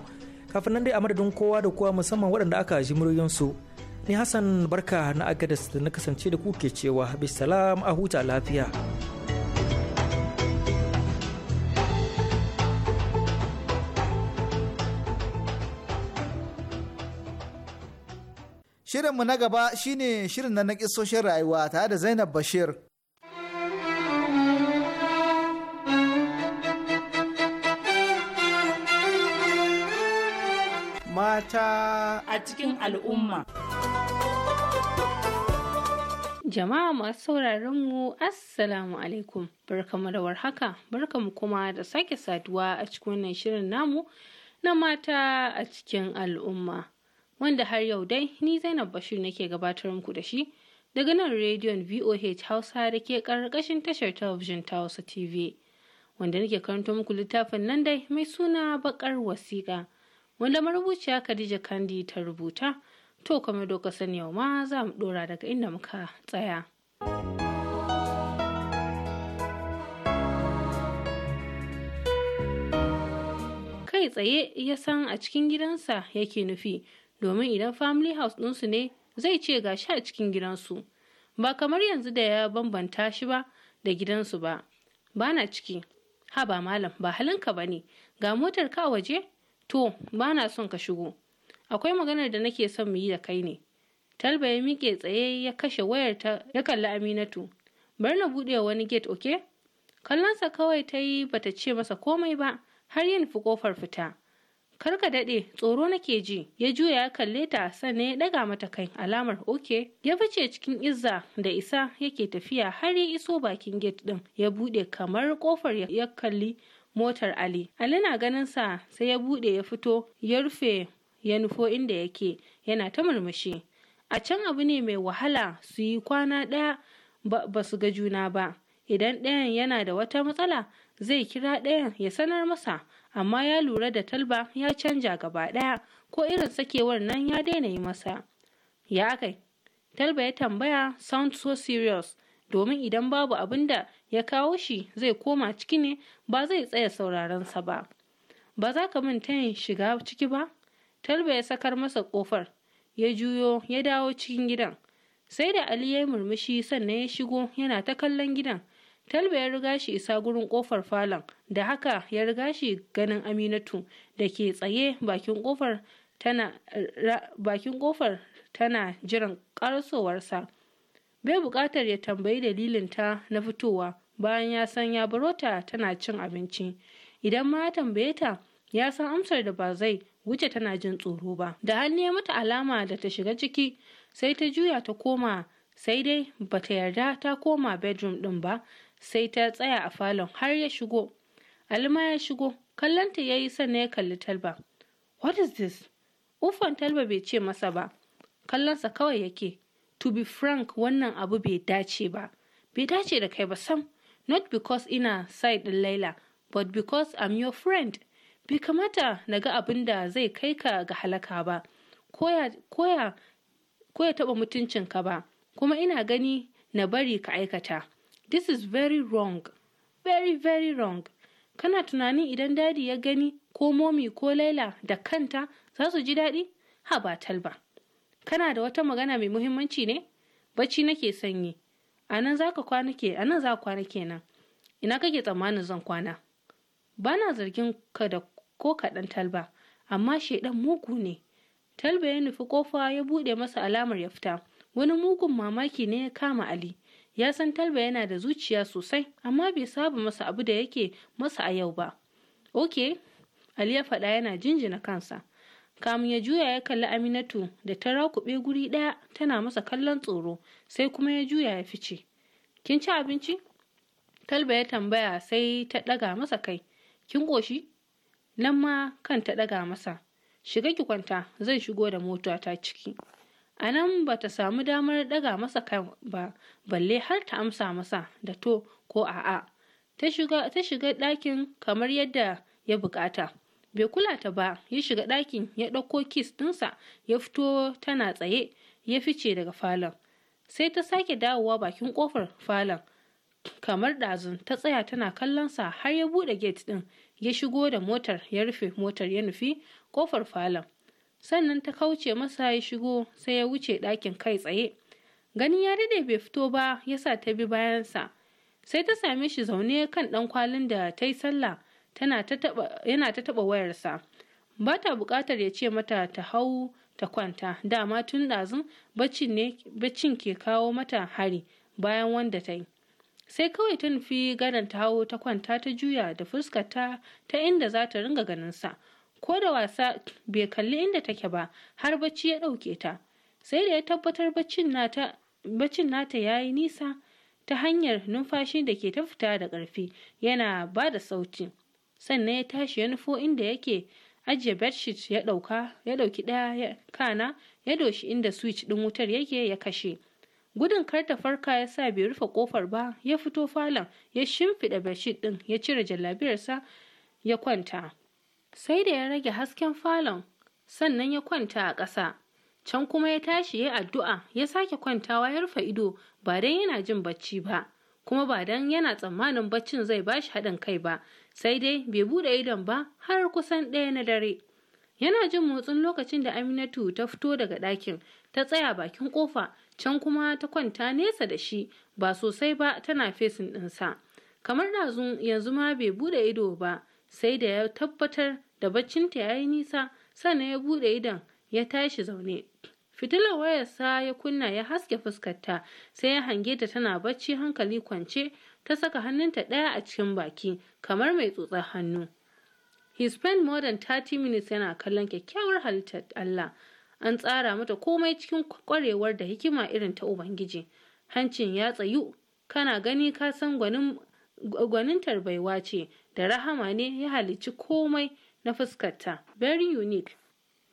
Kafin nan dai a madadin kowa da kowa musamman waɗanda aka ji muryoyinsu ni hassan barka na agadas da na kasance da kuke cewa cewa salam a huta lafiya Shirinmu na gaba shine shirin na nakisoshin rayuwa tare da Zainab Bashir. Mata a cikin al'umma. Jama'a masu sauraron mu Assalamu alaikum barkamu da warhaka barkamu kuma da sake saduwa a cikin wannan shirin namu na mata a cikin al'umma wanda har yau dai ni Zainab Bashir nake gabatar muku da shi daga nan rediyon VOH Hausa da ke karkashin tashar talabijin ta Hausa TV wanda nake karanto muku littafin nan dai mai suna baƙar wasiƙa wanda marubuciya Khadija Kandi ta rubuta To kamar doka sani yau ma za mu dora daga inda muka tsaya. Kai tsaye ya san a cikin gidansa yake nufi domin idan family house ɗinsu ne zai ce ga shi a cikin gidansu. Ba kamar yanzu da ya bambanta shi ba da gidansu ba. ba na ciki, ha ba malam ba halinka ba ne, ga motar ka waje? To, ba na son ka shigo. akwai maganar da nake son mu yi da kai ne talba ya miƙe tsaye ya kashe wayar ta ya kalli aminatu bari na buɗe wani gate oke kallonsa kawai ta yi bata ce masa komai ba har yin fi kofar fita kar ka daɗe tsoro nake ji ya juya ya kalle ta sannan ya ɗaga mata kai alamar oke ya fice cikin izza da isa yake tafiya har ya iso bakin gate ɗin ya buɗe kamar kofar ya kalli motar ali ali na ganin sa sai ya buɗe ya fito ya rufe ya nufo inda yake yana ta murmushi a can abu ne mai wahala su yi kwana ɗaya ba su ga juna ba idan ɗayan yana da wata matsala zai kira ɗayan ya sanar masa amma ya lura da talba ya canja gaba ɗaya ko irin sakewar nan ya daina yi masa ya kai talba ya tambaya sound so serious domin idan babu abin da ya kawo shi zai koma ciki ne ba zai tsaya sauraron sa ba ba za ka min tayin shiga ciki ba Talba ya sakar masa kofar, ya juyo ya dawo cikin gidan. Sai da Ali ya yi murmushi sannan ya shigo yana ta kallon gidan. Talba ya riga shi isa gurin kofar falon, da haka ya riga shi ganin Aminatu da ke tsaye bakin kofar tana jiran karsowarsa Bai bukatar ya tambayi dalilin ta na fitowa bayan ya san ya barota tana cin abinci. Idan ma ya tambaye ta, ya san amsar da ba zai wuce tana jin tsoro ba da hannu ya mata alama da ta shiga ciki sai ta juya ta koma sai dai ba ta yarda ta koma bedroom din ba sai ta tsaya a falon har ya shigo alma ya shigo kallonta ya yi sannan ya kalli talba what is this ufan talba bai ce masa ba kallonsa kawai yake to be frank wannan abu bai dace ba bai dace da kai ba sam not because ina side din laila but because i'm your friend bai kamata na ga abin da zai kai ka ga halaka ba koya koya taɓa mutuncinka ba kuma ina gani na bari ka aikata this is very wrong very very wrong kana tunanin idan dadi ya gani ko momi ko laila da kanta za su ji daɗi ha ba talba kana da wata magana mai muhimmanci ne bacci nake sanyi a nan za ka kwana ke a nan za kwana kenan ina kake tsammanin zan kwana ba na zargin ka da ko kaɗan talba amma shaidan mugu ne talba ya nufi kofa ya buɗe masa alamar ya fita wani mugun mamaki ne ya kama ali ya san talba yana da zuciya sosai amma bai saba masa abu da yake masa a yau ba ok ali ya faɗa yana jinjina kansa kamun ya juya ya kalli aminatu da ta rakuɓe guri ɗaya tana masa kallon tsoro sai kuma ya juya ya fice kin ci abinci talba ya tambaya sai ta ɗaga masa kai kin ƙoshi nan ma kan ta ɗaga masa shiga ki kwanta zan shigo da mota ta ciki a nan ba ta samu damar ɗaga masa kan ba balle har ta amsa masa da to ko a'a ta shiga ɗakin kamar yadda ya bukata bai kula ta ba ya shiga ɗakin ya ɗauko kis ɗinsa ya fito tana tsaye ya fice daga falon sai ta sake dawowa bakin ƙofar falon kamar ɗazun ta tsaya tana kallonsa har ya buɗe gate ɗin ya shigo da motar ya rufe motar ya nufi kofar falon sannan ta kauce masa ya shigo sai ya wuce ɗakin kai tsaye gani ya dade bai fito ba ya sa ta bi bayansa sai ta same shi zaune kan ɗan kwalin da ta yi sallah yana ta taɓa wayarsa ba ta buƙatar ya ce mata ta hau ta kwanta dama tun ɗazun baccin ke kawo mata hari bayan wanda ta yi sai kawai ta nufi ganin ta hawo ta kwanta ta juya da fuskarta ta inda za ta ringa ganinsa ko da wasa bai kalli inda take ba har bacci ya ɗauke ta sai da ya tabbatar baccin nata ya yi nisa ta hanyar numfashi da ke ta fita da karfi yana ba da sauti sannan ya tashi ya nufo inda yake ajiye bedsheet ya ɗauka ya ɗauki ɗaya kana ya doshi inda switch ɗin wutar yake ya kashe gudun kar ta farka ya sa bai rufe kofar ba ya fito falon ya shimfiɗa bashit ɗin ya cire jallabiyarsa ya kwanta sai da ya rage hasken falon sannan ya kwanta a ƙasa can kuma ya tashi ya addu'a ya sake kwantawa ya rufe ido ba dan yana jin bacci ba kuma ba dan yana tsammanin baccin zai bashi haɗin kai ba sai dai bai buɗe idon ba har kusan ɗaya na dare yana jin motsin lokacin da aminatu ta fito daga ɗakin ta tsaya bakin ƙofa can kuma ta kwanta nesa da shi ba sosai ba tana fesin ɗinsa kamar ɗazu yanzu ma bai bude ido ba sai da ya tabbatar da baccinta ya yi nisa sannan ya bude idon ya tashi zaune fitilar wayarsa ya kunna ya haske fuskarta sai ya hange ta tana bacci hankali kwance ta saka hannunta ɗaya a cikin baki kamar mai tsotsar hannu he spent more than 30 minutes yana kallon kyakkyawar halittar Allah an tsara mata komai cikin kwarewar da hikima irin ta ubangiji hancin ya tsayu kana gani ka san gwanintar baiwa ce da rahama ne ya halicci komai na fuskarta very unique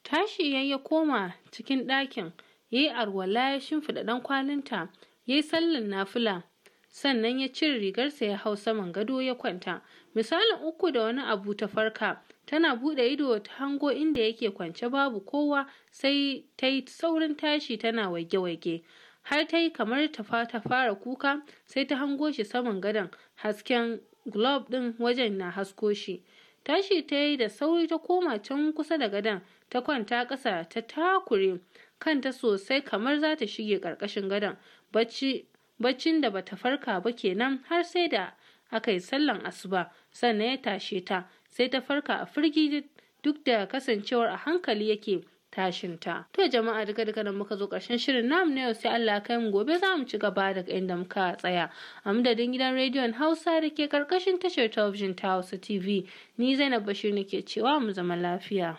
tashi ya ya koma cikin ɗakin ya yi arwala ya shimfiɗa ɗan kwalinta ya yi sallan nafila sannan ya cire rigarsa ya hau saman gado ya kwanta misalin uku da wani abu ta farka tana bude ido ta hango inda yake kwance babu kowa sai ta yi saurin tashi tana waige-waige har ta yi kamar ta fara kuka sai ta hango shi saman gadon hasken globe din wajen na hasko shi tashi ta yi da sauri ta koma can kusa da gadon ta kwanta ƙasa ta takure kanta sosai kamar za ta shige ƙarƙashin gadon baccin da bata farka ba kenan har sai da aka yi sallan asuba sannan ya tashe ta sai ta farka a firgi duk da kasancewar a hankali yake tashinta. To jama'a duka duka da muka zo karshen shirin namu na yau sai Allah kai mu gobe za mu ci gaba da inda muka tsaya. A madadin gidan rediyon Hausa da ke karkashin tashar talabijin ta Hausa TV, ni Zainab Bashir nake cewa mu zama lafiya.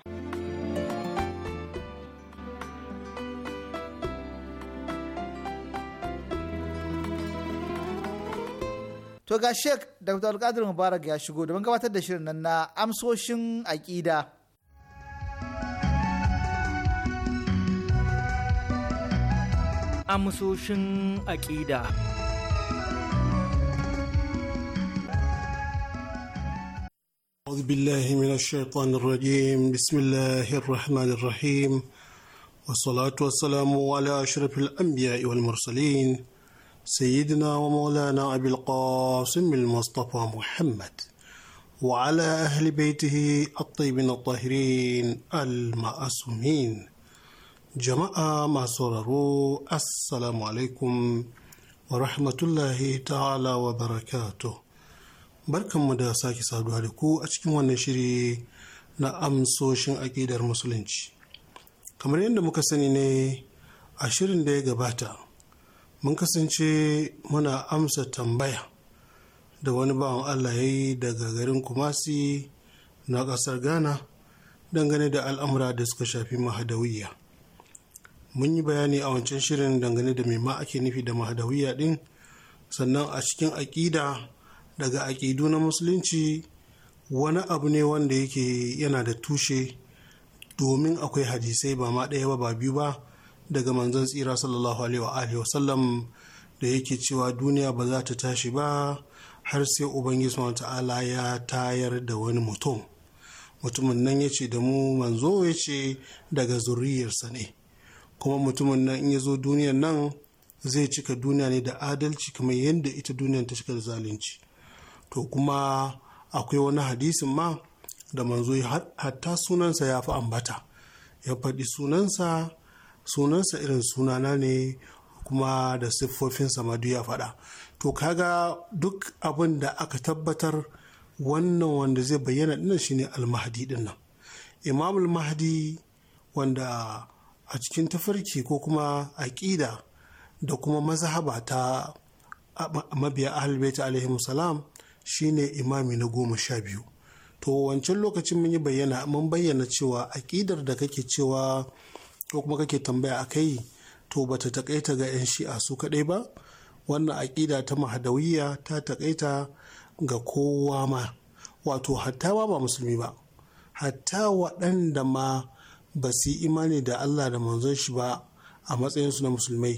To ga Sheikh Dr. Alkadir Mubarak ya shigo domin gabatar da shirin nan na amsoshin aƙida. Amsoshin aƙida. أعوذ بالله من الشيطان الرجيم بسم الله الرحمن الرحيم والصلاة والسلام على أشرف الأنبياء والمرسلين سيدنا ومولانا أبي القاسم المصطفى محمد وعلى أهل بيته الطيبين الطاهرين المأسومين جماعة ما صرروا السلام عليكم ورحمة الله تعالى وبركاته بركة مدى ساكي سادو هالكو أشكي ونشري نأمسوشن أكيد المسلمين kamar yadda muka sani ne a shirin da ya gabata mun kasance muna amsa tambaya da wani bawan allah ya yi daga garin kumasi na ƙasar ghana dangane da al'amura da suka shafi mahadawiya mun yi bayani a wancan shirin dangane da mai ma ake nufi da mahadawiya din sannan a cikin aƙida daga aƙidu na musulunci wani abu ne wanda yake yana da tushe domin akwai hadisai ba ma ɗaya ba ba biyu ba daga manzon tsira sallallahu alaihi wasallam da yake cewa duniya ba za ta tashi ba har sai ubangiji wa ta'ala ya tayar da wani mutum mutumin nan ya ce da mu manzo ya ce daga zuriyarsa ne kuma mutumin nan in ya zo duniyar nan zai cika duniya ne da adalci kamar yadda ita duniyar ta cika da zalunci to kuma akwai wani hadisin ma da manzo hatta sunansa ya fi ambata ya faɗi sunansa sunansa irin sunana ne kuma da siffofin samadu ya faɗa to kaga duk abin da aka tabbatar wannan wanda zai bayyana dinnan shine almahadi dinnan imam almahadi wanda a cikin tafarki ko kuma aƙida da kuma mazhaba ta mabiya ahalbaita alaihi salam shine imami na goma sha biyu to wancan lokacin mun yi bayyana mun bayyana cewa aƙidar da kake cewa ko kuma kake tambaya a kai to ba ta takaita ga 'yan shi'a su kaɗai ba wannan aƙida ta mahadawiyya ta takaita ga kowa ma wato hatta ba musulmi ba hatta waɗanda ma ba su imani da allah da manzon shi ba a matsayinsu na musulmai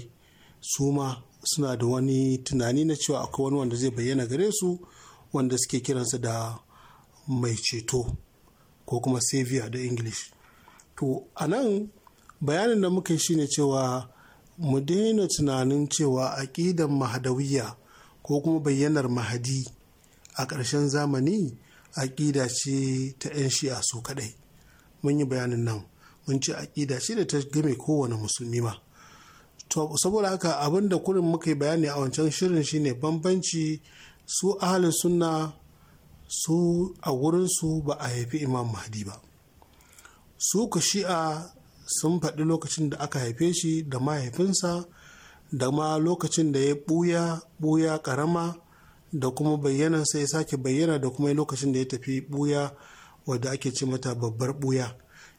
su ma suna da wani tunani na cewa akwai wani wanda zai bayyana gare su wanda suke kiransa da mai ceto ko kuma savior da english to a nan bayanin da muka shi ne cewa mu daina tunanin cewa aƙidan mahadawiya ko kuma bayyanar mahadi a ƙarshen zamani aƙida ce ta 'yan shi'a su kaɗai mun yi bayanin nan mun ce aƙida ce da ta game kowane musulmi ma to saboda haka abin da kurin muka yi bayani a wancan shirin shine bambanci su ahalin sunna su a wurinsu ba a haifi imam mahdi ba su ka shi'a sun faɗi lokacin da aka haife shi da mahaifinsa da ma lokacin da ya ɓuya ɓuya ƙarama da kuma bayyana sai sake bayyana da kuma lokacin da ya tafi ɓuya wadda ake ce mata babbar ɓuya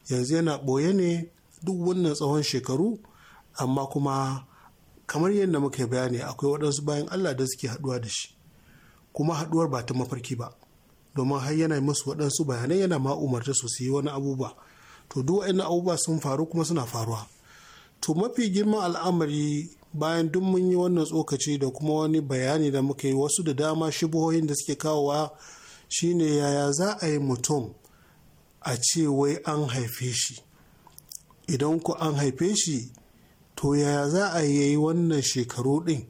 yanzu yana ɓoye ne duk wannan tsawon shekaru amma kuma kamar yadda muka bayani akwai waɗansu bayan allah da suke haɗuwa da shi kuma haɗuwar ba ta mafarki ba domin har yana musu waɗansu bayanai yana ma umarta su yi wani abubuwa to duk wa'annan abubuwa sun faru kuma suna faruwa to mafi girman al'amari bayan duk mun yi wannan tsokaci da kuma wani bayani da muka yi wasu da dama shibuhohin da suke kawowa shine yaya za a yi mutum a ce wai an haife shi idan ku an haife shi to yaya za a yi wannan shekaru ɗin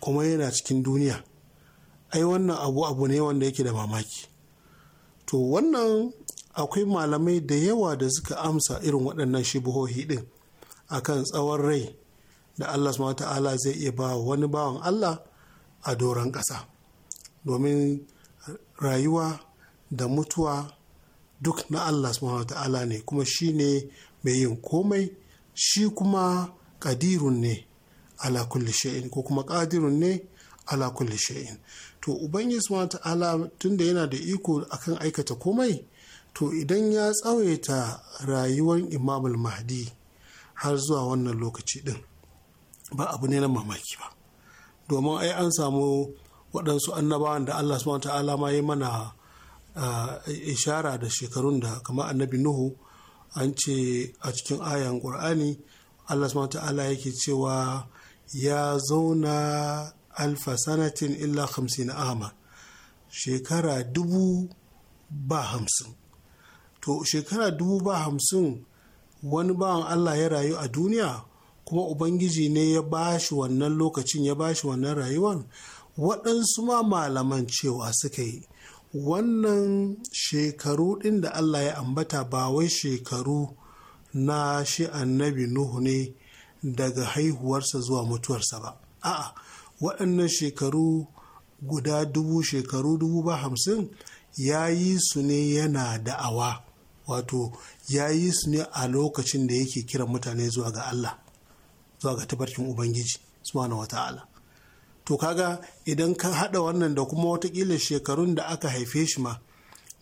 kuma yana cikin duniya ai wannan abu abu ne wanda yake da mamaki to wannan akwai malamai da yawa da suka amsa irin waɗannan shibuhohi ɗin kan tsawon rai da Allah subhanahu ta'ala zai iya ba wani bawan Allah a doron ƙasa domin rayuwa da mutuwa duk na Allah subhanahu ta'ala ne kuma shi ne mai yin komai shi kuma ƙadirun ne ala kulli sha'in ko kuma ƙadirun ne ala kulli sha'in to ubangiji subhanahu ta'ala tunda yana da iko akan aikata komai to idan ya tsawaita rayuwar imamul mahdi har zuwa wannan lokaci din ba abu ne na mamaki ba domin ai an samu waɗansu annabawan da allah subhanahu ta'ala ma yi mana ishara da shekarun da kamar annabi nuhu an ce a cikin ayan ƙur'ani allah subhanahu ta'ala yake cewa ya zauna alfa sanatin illa hamsin ama shekara dubu ba hamsin to shekara dubu ba hamsin wani bawan Allah ya rayu a duniya kuma ubangiji ne ya ba shi wannan lokacin ya ba shi wannan rayuwar waɗansu ma malaman cewa suka yi wannan shekaru ɗin da Allah ya ambata ba wai shekaru na shi annabi Nuhu ne daga haihuwarsa zuwa mutuwarsa ba. A'a, waɗannan shekaru guda dubu shekaru dubu ba hamsin ya yi su ne yana da'awa wato ya yi su ne a lokacin da yake kiran mutane zuwa ga Allah zuwa ga tabarkin ubangiji subhanahu wata'ala to kaga idan ka hada wannan da kuma watakila shekarun da aka haife shi ma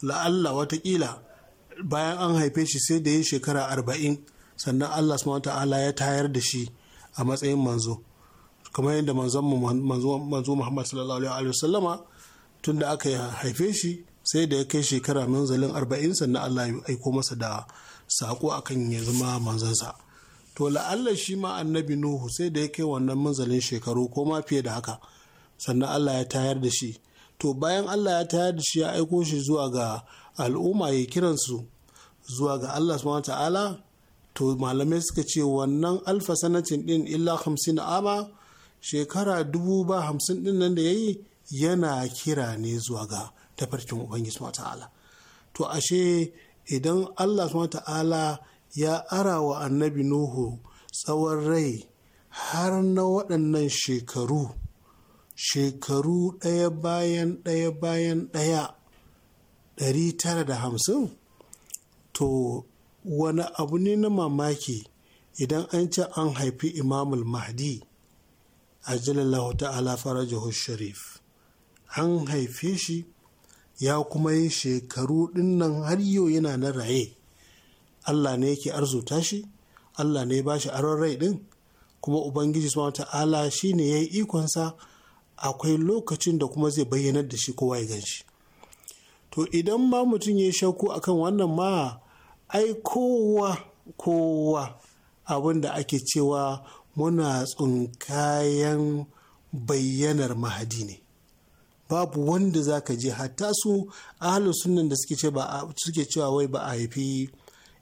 la'alla watakila bayan an haife shi sai da ya shekara arba'in sannan Allah subhanahu wata'ala ya tayar da shi a matsayin manzo kamar yadda manzon manzo Muhammad sallallahu alaihi wasallama tun da aka haife shi sai da ya kai shekara manzalin arba'in sannan Allah ya aiko masa da sako akan ya zama manzansa to la'alla shi ma annabi nuhu sai da ya kai wannan manzalin shekaru ko ma fiye da haka sannan Allah ya tayar da shi to bayan Allah ya tayar da shi ya aiko shi zuwa ga al'umma ya kiransu zuwa ga Allah subhanahu ta'ala to malamai suka ce wannan alfa sanatin din illa hamsin ama shekara dubu ba hamsin din nan da ya yi yana kira ne zuwa ga tafarkin ubangiji wa ta'ala to ashe idan allah wa ta'ala ya ara wa annabi nuhu tsawon rai har na waɗannan shekaru shekaru ɗaya bayan ɗaya bayan ɗaya ɗari tara da hamsin to wani abu ne na mamaki idan an ce an haifi imamul mahdi a ta'ala farajahu sharif an haife shi ya kuma yi shekaru dinnan har yau yana na raye Allah ne yake arzuta shi Allah ne ba shi aron rai din kuma ubangiji subhanahu ta'ala ya yi ikonsa akwai lokacin da kuma zai bayyanar da shi kowa ya ganshi to idan ma mutum ya shakku akan wannan ma ai kowa kowa abin da ake cewa muna tsunkayen bayyanar mahadi ne babu wanda za ka je hatta su ahalus sunan da suke cewa wai ba a haifi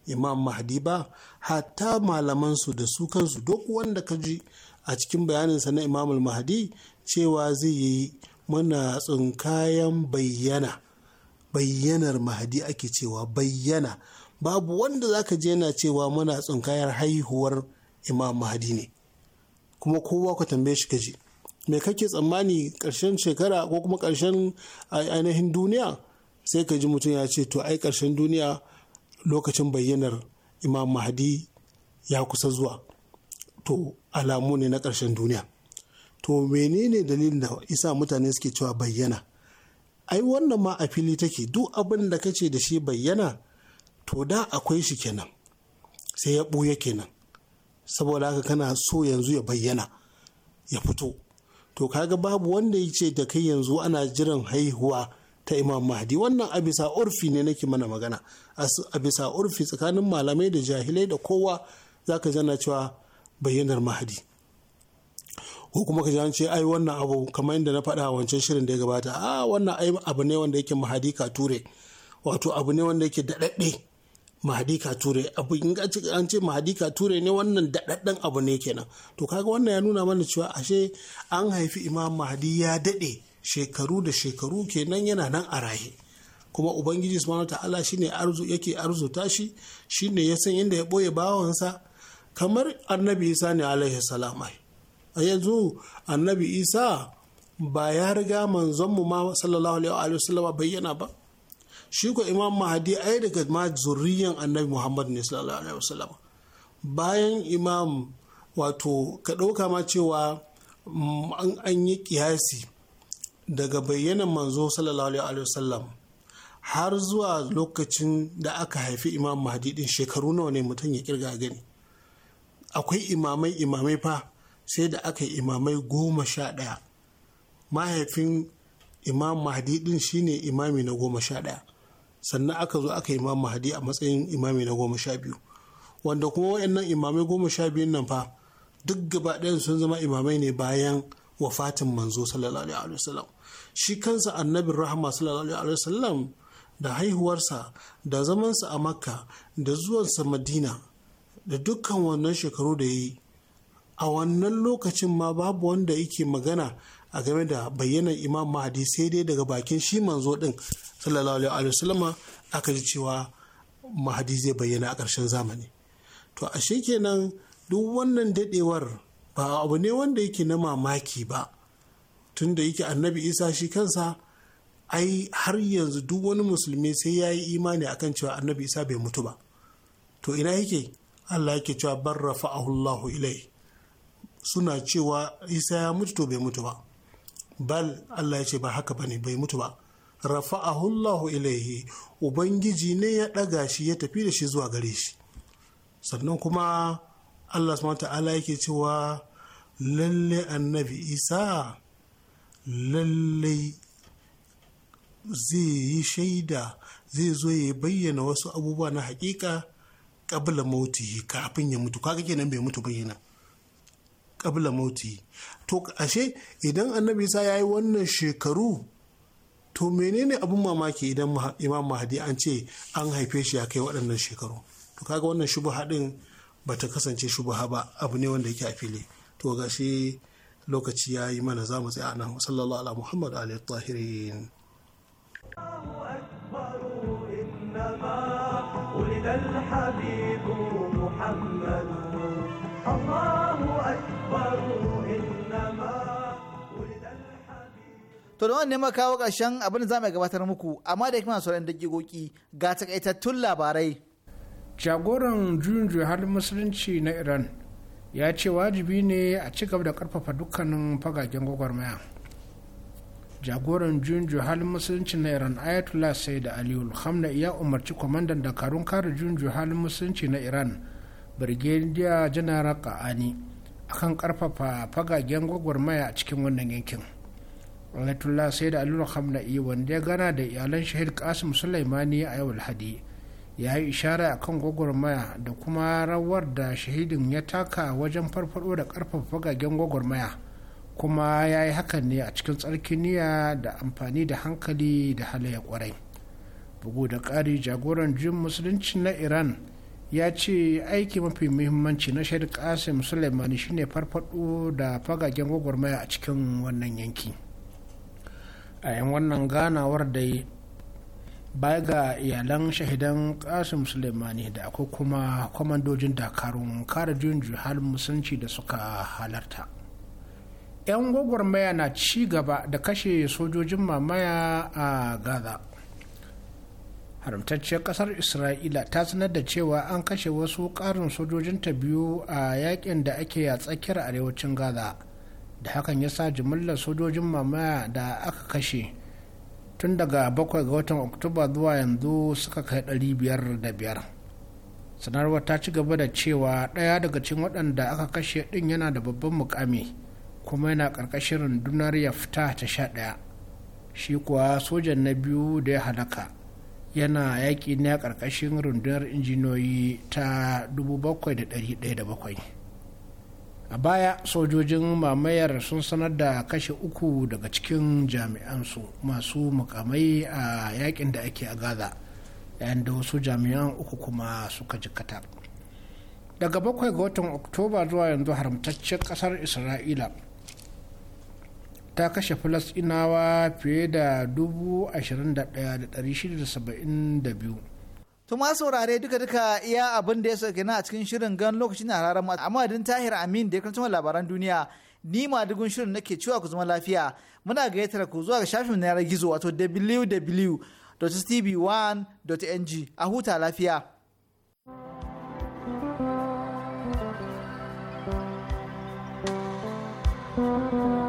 imam mahdi ba hatta malamansu da su kansu duk wanda ka ji a cikin bayaninsa na imamul mahdi cewa zai yi muna tsinkayen bayyana bayyanar mahdi ake cewa bayyana babu wanda za ka je yana cewa muna tsinkayar haihuwar imam mahdi ne kuma kowa ka tambaye shi ka kaji me kake tsammani ƙarshen shekara ko kuma ƙarshen ainihin duniya sai ka ji mutum ya ce to ai ƙarshen duniya lokacin bayyanar imam mahdi ya kusa zuwa to alamu ne na ƙarshen duniya to menene dalilin da isa mutane suke cewa bayyana ai wannan ma a fili take duk abin da kace da shi bayyana to da akwai shi kenan sai ya ɓuya kenan saboda haka kana so yanzu ya bayyana ya fito to kaga babu wanda ya ce da kai yanzu ana jiran haihuwa ta imam mahdi wannan a bisa urfi ne nake mana magana a bisa urfi tsakanin malamai da jahilai da kowa zaka jana cewa bayyanar mahdi ko kuma ka ji ce ai wannan abu kamar yadda na faɗa a wancan shirin da ya gabata a ah, wannan abu ne wanda yake mahadi ka ture wato abu ne wanda yake daɗaɗɗe mahadika ture abu in an ce mahadika ture ne wannan daɗaɗɗen abu ne kenan to kaga wannan ya nuna mana cewa ashe an haifi imam mahadi ya daɗe shekaru da shekaru kenan yana nan a raye kuma ubangiji subhanahu ta'ala shine arzu yake arzuta shi shine ya san inda ya boye bawansa kamar annabi isa ne alaihi salam a yanzu annabi isa ba ya riga manzon mu ma sallallahu alaihi wa sallama bayyana ba shi ko imam mahadi ai daga ma zurriyan annabi muhammad ne sallallahu alaihi wasallam bayan imam wato ka ɗauka ma cewa mm, an yi kiyasi daga bayyanan manzo sallallahu alaihi wasallam har zuwa lokacin da aka haifi imam mahadi din shekaru nawa ne mutum ya kirga gani akwai imamai imamai fa sai da aka yi imamai goma sha ɗaya mahaifin imam mahadi din shine imami na goma sha ɗaya sannan aka zo aka imam mahadi a matsayin imami na goma sha biyu wanda kuma wayannan imamai goma sha biyun nan fa duk gaba ɗayan sun zama imamai ne bayan wafatin manzo sallallahu alaihi wasallam shi kansa Annabi rahama sallallahu alaihi wasallam da haihuwarsa da zamansa a makka da zuwansa madina da dukkan wannan shekaru da yi a wannan lokacin ma babu wanda yake magana a game da bayyanar imam mahadi sai dai daga bakin shi manzo din sallallahu alaihi sallama aka ji cewa mahadi zai bayyana a ƙarshen zamani to ashe kenan duk wannan dadewar ba abu ne wanda yake na mamaki ba tun tunda yake annabi isa shi kansa ai har yanzu duk wani musulmi sai ya yi imani a kan cewa annabi isa bai mutu ba to ina yake allah yake cewa barra fa'ahullahu ilai suna cewa isa ya mutu to bai mutu ba bal Allah ya ce ba haka bane bai mutu ba rafa'ahu Allahu ilaihi ubangiji ne ya ɗaga shi ya tafi da shi zuwa gare shi sannan kuma Allah subhanahu ta'ala yake cewa lalle annabi Isa lalle zai yi shaida zai zo ya bayyana wasu abubuwa na hakika kabla mautihi kafin ya mutu kaga kenan bai mutu bayyana kabla mauti to ashe idan annabi isa ya yi wannan shekaru to menene abin mamaki idan imam mahadi an ce an haife shi ya kai waɗannan shekaru to kaga wannan shuba haɗin ba ta kasance shubuha ba abu ne wanda yake a fili to ga shi lokaci ya yi mana za mu tsaya nan sallallahu ala muhammad alaihi tahirin to da wannan ne kawo ƙarshen abin da za mu gabatar muku amma da kuma sauran dakigoki ga takaitattun labarai jagoran juyin halin musulunci na iran ya ce wajibi ne a ci gaba da karfafa dukkanin fagagen gwagwarmaya jagoran juyin halin musulunci na iran ayatollah sai da aliyu hamna ya umarci kwamandan dakarun kare juyin halin musulunci na iran brigadier general ka'ani akan karfafa fagagen gwagwarmaya a cikin wannan yankin ayatollah sai da hamna hamna'i wanda ya gana da iyalan shahid kasim sulaimani a yau alhadi ya yi ishara a kan gwagwarmaya da kuma rawar da shahidin ya taka wajen farfado da karfafa fagagen gwagwarmaya kuma ya yi hakan ne a cikin tsarkin niyya da amfani da hankali da halaye kwarai bugu da ƙari jagoran jin musulunci na iran ya ce aiki mafi muhimmanci na shahid kasim sulaimani shine farfado da fagagen gwagwarmaya a cikin wannan yanki a yan wannan ganawar da dai baya ga iyalan shahidan kasim suleimani da akwai kuma kwamandojin dakarun kare juyin halin musulunci da suka halarta yan gwagwarmaya na ci gaba da kashe sojojin mamaya a gaza haramtacciyar kasar isra'ila ta sanar da cewa an kashe wasu karin sojojinta biyu a yakin da ake a tsakiyar arewacin gaza da hakan ya sa jimillar sojojin mamaya da aka kashe tun daga bakwai ga watan oktoba zuwa yanzu suka kai biyar biyar sanarwar ta ci gaba da cewa ɗaya daga cikin waɗanda aka kashe ɗin yana da babban mukami kuma yana ƙarƙashin rundunar ya fita ta sha ɗaya shi kuwa sojan na biyu da ya halaka yana yaƙi ne a ƙarƙashin rundunar injiniyoyi ta 7,107 a baya sojojin mamayar sun sanar da kashe uku daga cikin jami'ansu masu mukamai a yakin da ake a gaza yayin da wasu jami'an uku kuma suka jikata daga bakwai ga watan oktoba zuwa yanzu haramtaccen kasar isra'ila ta kashe falasinawa fiye da 21,672 Tuma saurare duka-duka iya abin da ya sauke na a cikin shirin gan lokacin na rarar mata. Amma din Tahir Amin da ya kan labaran duniya. Ni ma dugun shirin nake cewa ku zama lafiya. Muna gayyatar ku zuwa ga shafin na yara gizo wato www.tv1.ng a huta lafiya. thank you